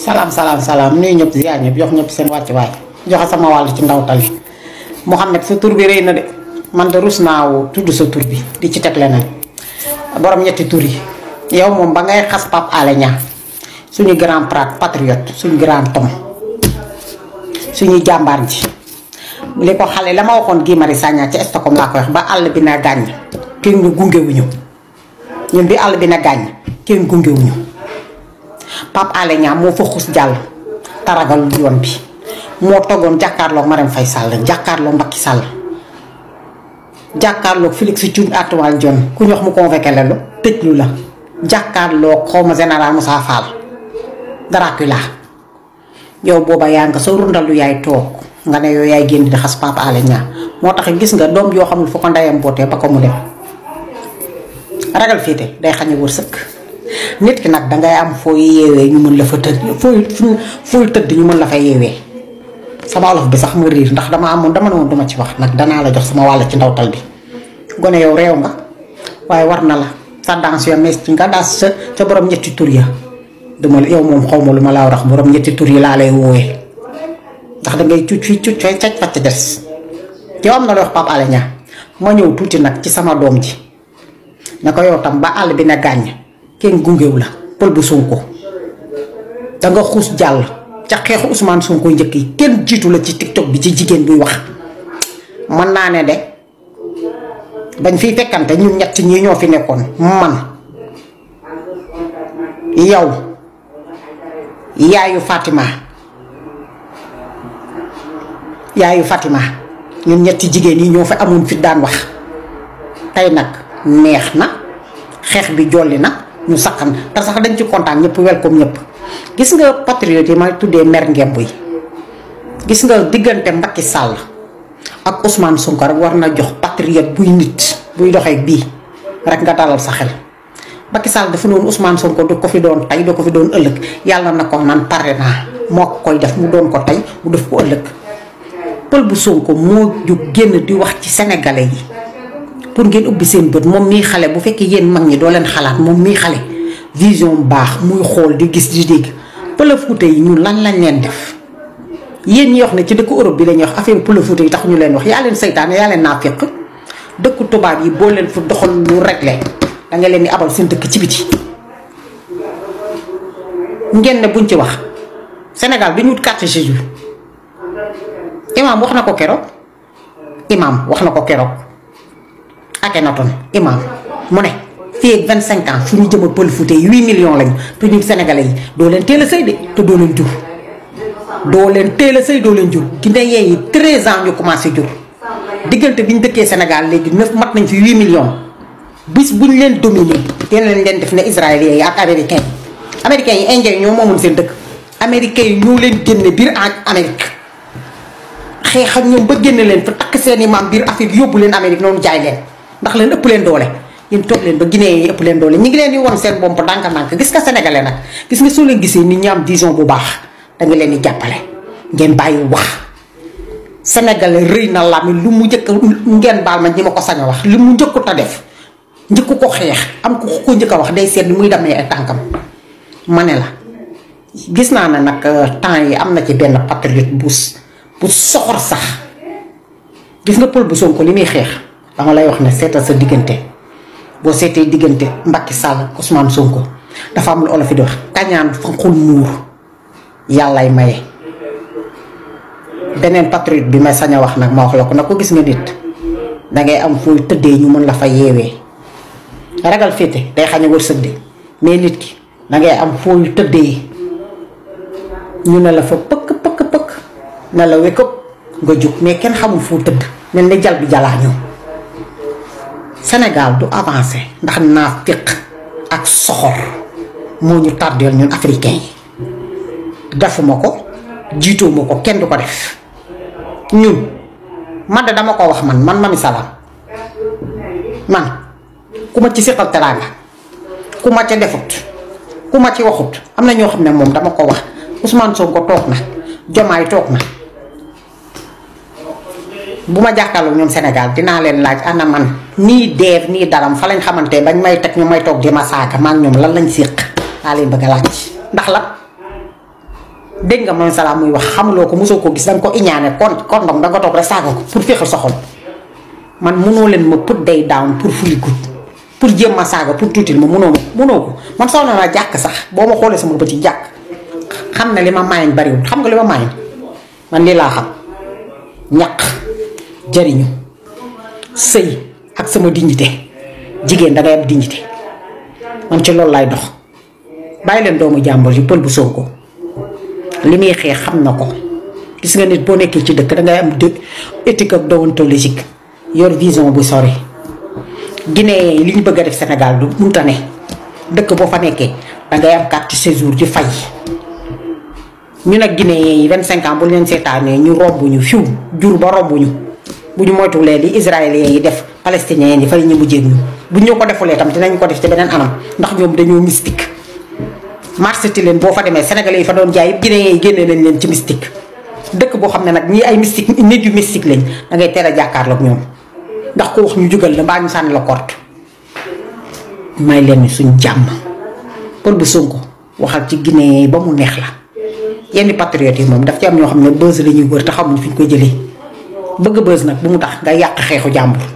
Salam salam salam. ni ñep ziar ñep jox ñep seen wacc way joxe sama wal ci ndaw tali mohammed su tour bi reey na de man de rus wu tuddu sa tour bi di ci tek lenen borom ya, ñetti tour yi yow mom ba ngay ya, xass pap suñu grand prat patriote suñu grand tom suñu jambar ji li ko xale lama waxon gi mari Marius ci estocom la ko wax ya. ba all bi na gàññ kenn ñu gungewuñu ñun bi all bi na gàññ pap ale nya mo fa xus taragal yoon bi mo togon jakarlo Marème Faye Sall jàkkaarloog Macky Sall jakarlo felix Thioune Antoine jon ku ñox mu convoqué lelo lu lu la jàkkaarloog xawma general musa Fall Dracula yow boba ya nga sa rundalu yaay tok nga ne yow yaay génn di xass pap ale Niang moo tax gis nga dom yo xamul fu ko ko mu dem ragal fété day xagne nit ki nak da ngay am fo yewé ñu mën la fa tëdd fo fooy ñu mën la fa yewé sama olof bi sax ma riir ndax dama amon dama non duma ci wax nag danaa la jox sama wala ci tal bi gone yow réew nga waye war na la sa danse ya ci nga daas sa borom ñetti tour ya duma yow mom xaw luma la wax borom ñetti tour yi la lay woowee ndax da ngay cucc cucc caj fa ci dess ci am na lo xop ma ñew tuti nak ci sama dom ji na yow tam ba bi na gagne kenn gungewu la pël bu Sonko danga xuus jàll ca xeexu Ousmane Sonko njëkk yi kenn jiitu la ci tiktok bi ci jigéen buy wax mën naa ne de bañ fiy fekkante ñun ñett ñi ñoo fi nekkoon man yow yaayu Fatima yaayu Fatima ñun ñetti jigéen yi ñoo fi amoon fit daan wax tey nag neex na xeex bi jolli na ñu sakkan ta sax dañ ci kontaan ñep welcome ñep gis nga patriote ma may mer ngemb yi gis nga diggante Macky Sall ak Ousmane sonkar warna jox patriote buy nit buy doxee bi rek nga talal sa xel Macky Sall dafa non Ousmane Sonko du ko fi doon tay du ko fi doon ëllëg yalla nako man pare naa koy def mu doon ko tay mu def ko ëllëg pël bu Sonko mo ju génn di wax ci sénégalais yi pour ngeen ubbi seen bët moom mii xale bu fekkee yéen mag ñi doo leen xalaat moom mii xale vision baax muy xool di gis di dégg pël Fuuta yi ñun lan lañ leen def yéen ñi wax ne ci dëkku Europe bi lañuy wax affaire pël Fuuta yi tax ñu leen wax yaa leen saytaane yaa leen naafiq dëkku tubaab yi boo leen fu doxal lu réglé da nga leen di abal seen dëkk ci biti ngeen ne buñ ci wax Sénégal bi ñu wut carte séjour imaam wax na ko keroog imaam wax na ko keroog. Akhenaton imam mu ne 25 ans fu ñu jëmal pël footé, 8 millions lañu pour ñun sénégalais yi doo leen teel a de te doo leen jur. doo leen teel a sëy leen jur ki ne yee 13 ans ñu commencé jur diggante bi ñu dëkkee Sénégal léegi 9 mat nañ fi 8 millions bis bu ñu leen dominé yeneen leen def ne israéliens yi ak Américain. Américain, américains yi indiens yi ñoo moomoon seen dëkk américains yi ñoo leen génne biir en Amérique xeexal ñoom ba génne leen fa takk seen i maam bir Afrique yóbbu leen Amérique noonu jaay ndax leen ëpp leen doole yeen tok leen ba guinéen yi ëpp leen doole ñi ngi leen di won seen bomb dank dank gis nga sénégalais nak gis nga so leen gisee ni ñam am vision bu baax da nga leen di jappalé ngeen bayyi wax sénégalais reuy na lami lu mu jëk ngeen baal ma ñi mako ko sañ wax lu mu jëk ta def njëkku ko xex am ko ko njëkk wax day seet muy damé ay tankam mané la gis na na nak euh, temps yi amna ci ben patriote bus bu soxor sax gis nga pol bu sonko li muy xeex dama lay wax ne seetal sa diggante bo seetee diggante Macky Sall Ousmane Sonko dafa am lu olof di wax kañaan fankhul muur yalla maye benen patriote bi may saña wax nak ma wax lako gis am ñu mën la fa ragal fété day xañu a wërsëg de mais nit ki ngay am fooy tëddee ñu na la fa pëkk pëkk pëkk na la nga juk mais kenn xamu fu teud Sénégal du avancé ndax naa naafiq ak soxor moo ñu tardeel ñun africain yi defuma ko jiitooma ko kenn du ko def ñun man de dama ko wax man man mani Salam man ku ma ci siqal teraanga ku ma ci defut ku ma ci waxut am na ñoo xam ne moom dama ko wax Ousmane Sonko toog na Jomaay toog na Bumajak ma ñom senegal dina len laaj ana man ni dev, ni daram fa lañ xamanté bañ may tek ñu may tok di ma man nyum ñoom lan lañ séq laa leen bëgg laaj ndax la deeng nga moom salam muy wax xamulo ko musoko gis ko iñane kon kon da nga tok rek saaga ko pour fexal soxol man mëno len ma put day down pour fully good pour jëm ma saaga pour tutil ma mëno mëno ko man soxla naa jakk sax bo ma xolé sama ba jakk xamna xam li ma xam nga li ma man li la xam ñak jariñu sëy ak sama dinjite jigéen dangay am dignité man ci loolu laay dox bàyyi leen doomu jàmbur yi pël bu ko li muy xeex xam na ko gis nga nit boo nekkee ci dëkk dangay am dëkk éthique ak déontologique yor vision bu sori Guinée li ñu bëgg a def Sénégal du mu tane dëkk boo fa nekkee dangay am carte séjour di fay ñu nag Guinée yi vingt cinq ans bu leen seetaanee ñu romb ñu fiw jur ba romb ñu bu ñu moytuwulee li israéliens yi def palestiniens yi fa la ñu mujjee ñu bu ñu ko defulee tamit dinañ ko def ci beneen anam ndax ñoom dañoo mystique. marché ti leen boo fa demee sénégalais yi fa doon jaay yëpp guinéen yi génnee nañ leen ci mystique dëkk boo xam ne nag ñii ay mystique nit yu mystique lañ da ngay teel a jàkkaarloog ñoom ndax ko wax ñu jugal la mbaa ñu sànni la kort may leen suñ jàmm pour bu Sonko waxal ci guinéen yi ba mu neex la yenn patriotes yi moom daf ci am ñoo xam ne bës la ñuy wër te xamuñ fi ñu koy jëlee. bëgg bës nag bu mu tax nga yàq xeexu jàmbur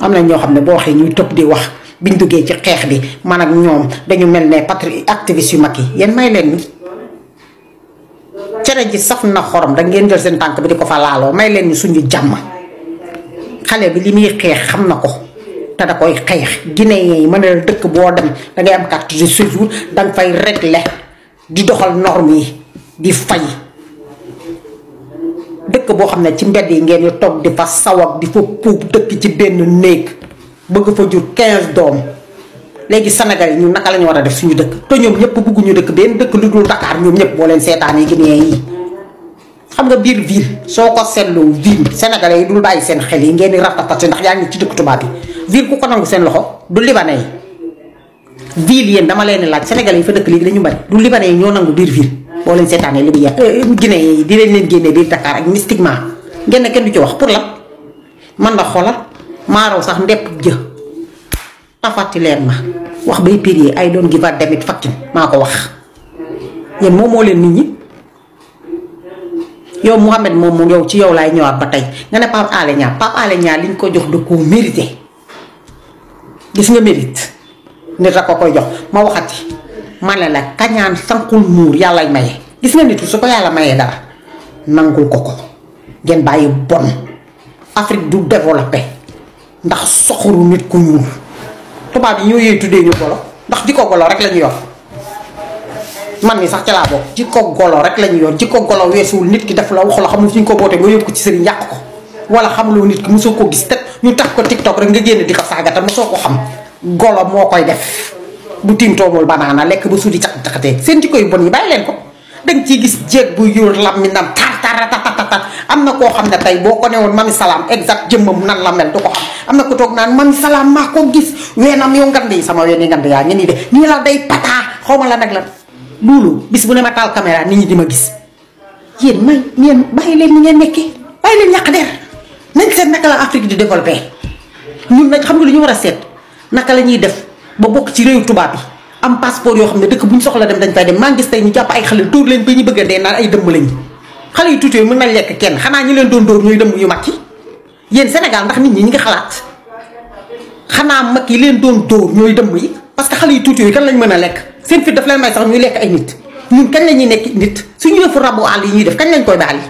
am na ñoo xam ne boo waxee ñuy tëb di wax biñ duggee ci xeex bi man ak ñoom dañu mel ne patri activiste yu mag yi yenn may leen cere ji saf na xorom da ngeen jël seen tànk bi di ko fa laaloo may leen ni suñu jàmm xale bi li muy xeex xam na ko te da koy xeex guinéen yi mën na dëkk boo dem da ngay am carte de séjour da fay régler di doxal norme yi di fay. dëkk boo xam ne ci mbedd yi ngeen di toog di fa sawab di fa puub dëkk ci benn néeg bëgg fa jur 15 doom léegi Sénégal yi ñun naka la ñu war a def suñu dëkk te ñoom ñëpp bëgguñu dëkk benn dëkk lu dul Dakar ñoom ñëpp boo leen seetaan yi Guinée yi xam nga biir ville soo ko seetloo ville Sénégalais yi dul bàyyi seen xel yi ngeen di rafetlu ndax yaa ngi ci dëkk tubaab bi ville ku ko nangu seen loxo du libanais yi ville yéen dama leen laaj Sénégalais yi fa dëkk léegi dañu bari du libanais yi biir ville bo len seetaanee li bu yàq guiné yi di leen len guéné biir Dakar ak ma guéné kenn du ci wax pour la man la xoolal maaraw sax ndepp jë tafati leen ma wax bay péré ay don gi va demit fakki mako wax yéen moom mo len nit ñi yow Mouhamed moom mu yow ci yow lay ñëwaat ba tay nga ne Pape Alé ñaar Pape Alé ñaar liñ ko jox da ko mérité gis nga mérite nit a ko koy jox ma waxati mane la kañaan sankul mur yalla maye gis nga nitu su ko yàlla mayee dara nangul koko gen baye bon afrique du développé ndax soxoru nit ku ñuul toba bi ñoyé yee ñu golo ndax diko golo rek lañu yor man mi sax ci laa bokk jikko golo rek lañu yor jikko golo wessul nit ki def la la xamul fiñ ko boté nga yob ko ci ko wala xamuloo nit ki mosoo ko gis tet ñu tax ko tiktok rek nga genn di ko saaga xam golo mo koy def bu timtoomul banana, lek ba suuli caq caqatee seen jikko yu bon yi bàyyi leen ko dang ci gis jeeg bu yur mi tar tar tar ta ta ta amna ko xamne tay boko newon mami salam exact jëmmam nan la mel du ko xam amna ko tok nan mami salam gis wenam yo ngandi sama ween yi ngand yaa ngi de ni la day pata xaw la nak la lulu bis bu ne ma taal nit ñi di ma gis yeen may yeen bàyyi leen ni ngeen nekkee bàyyi leen der nañ seen nak la Afrique di développer ñun nak xam nga lu ñu wara set nak la ñuy def ba bokk ci réew tubaab bi am passeport yoo xam ne dëkk bu ñu soxla dem dañ fay dem maa ngi gis tey ñu jàpp ay xale dóor leen ba ñu bëgg a dee naan ay dëmm yu tuuti mën nañ lekk kenn xanaa ñu leen doon dóor ñooy dëmm yu yi yéen Sénégal ndax nit ñi ñi ngi xalaat xanaa mag yi leen doon dóor ñooy dëmm yi parce que xale yu tuuti yooyu kan lañ mën a lekk seen fit daf leen may sax ñuy lekk ay nit ñun kañ la ñuy nekk nit suñu yëfu rabu àll yi ñuy def kañ lañ koy baal yi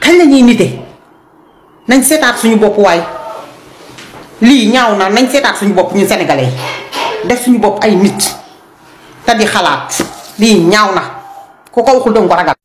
kañ la nañ seetaat suñu bopp lii ñaaw na nañ seetaat suñu bopp ñu sénégalais def suñu bopp ay nit te di xalaat lii ñaaw na ku ko waxul doom ko ragal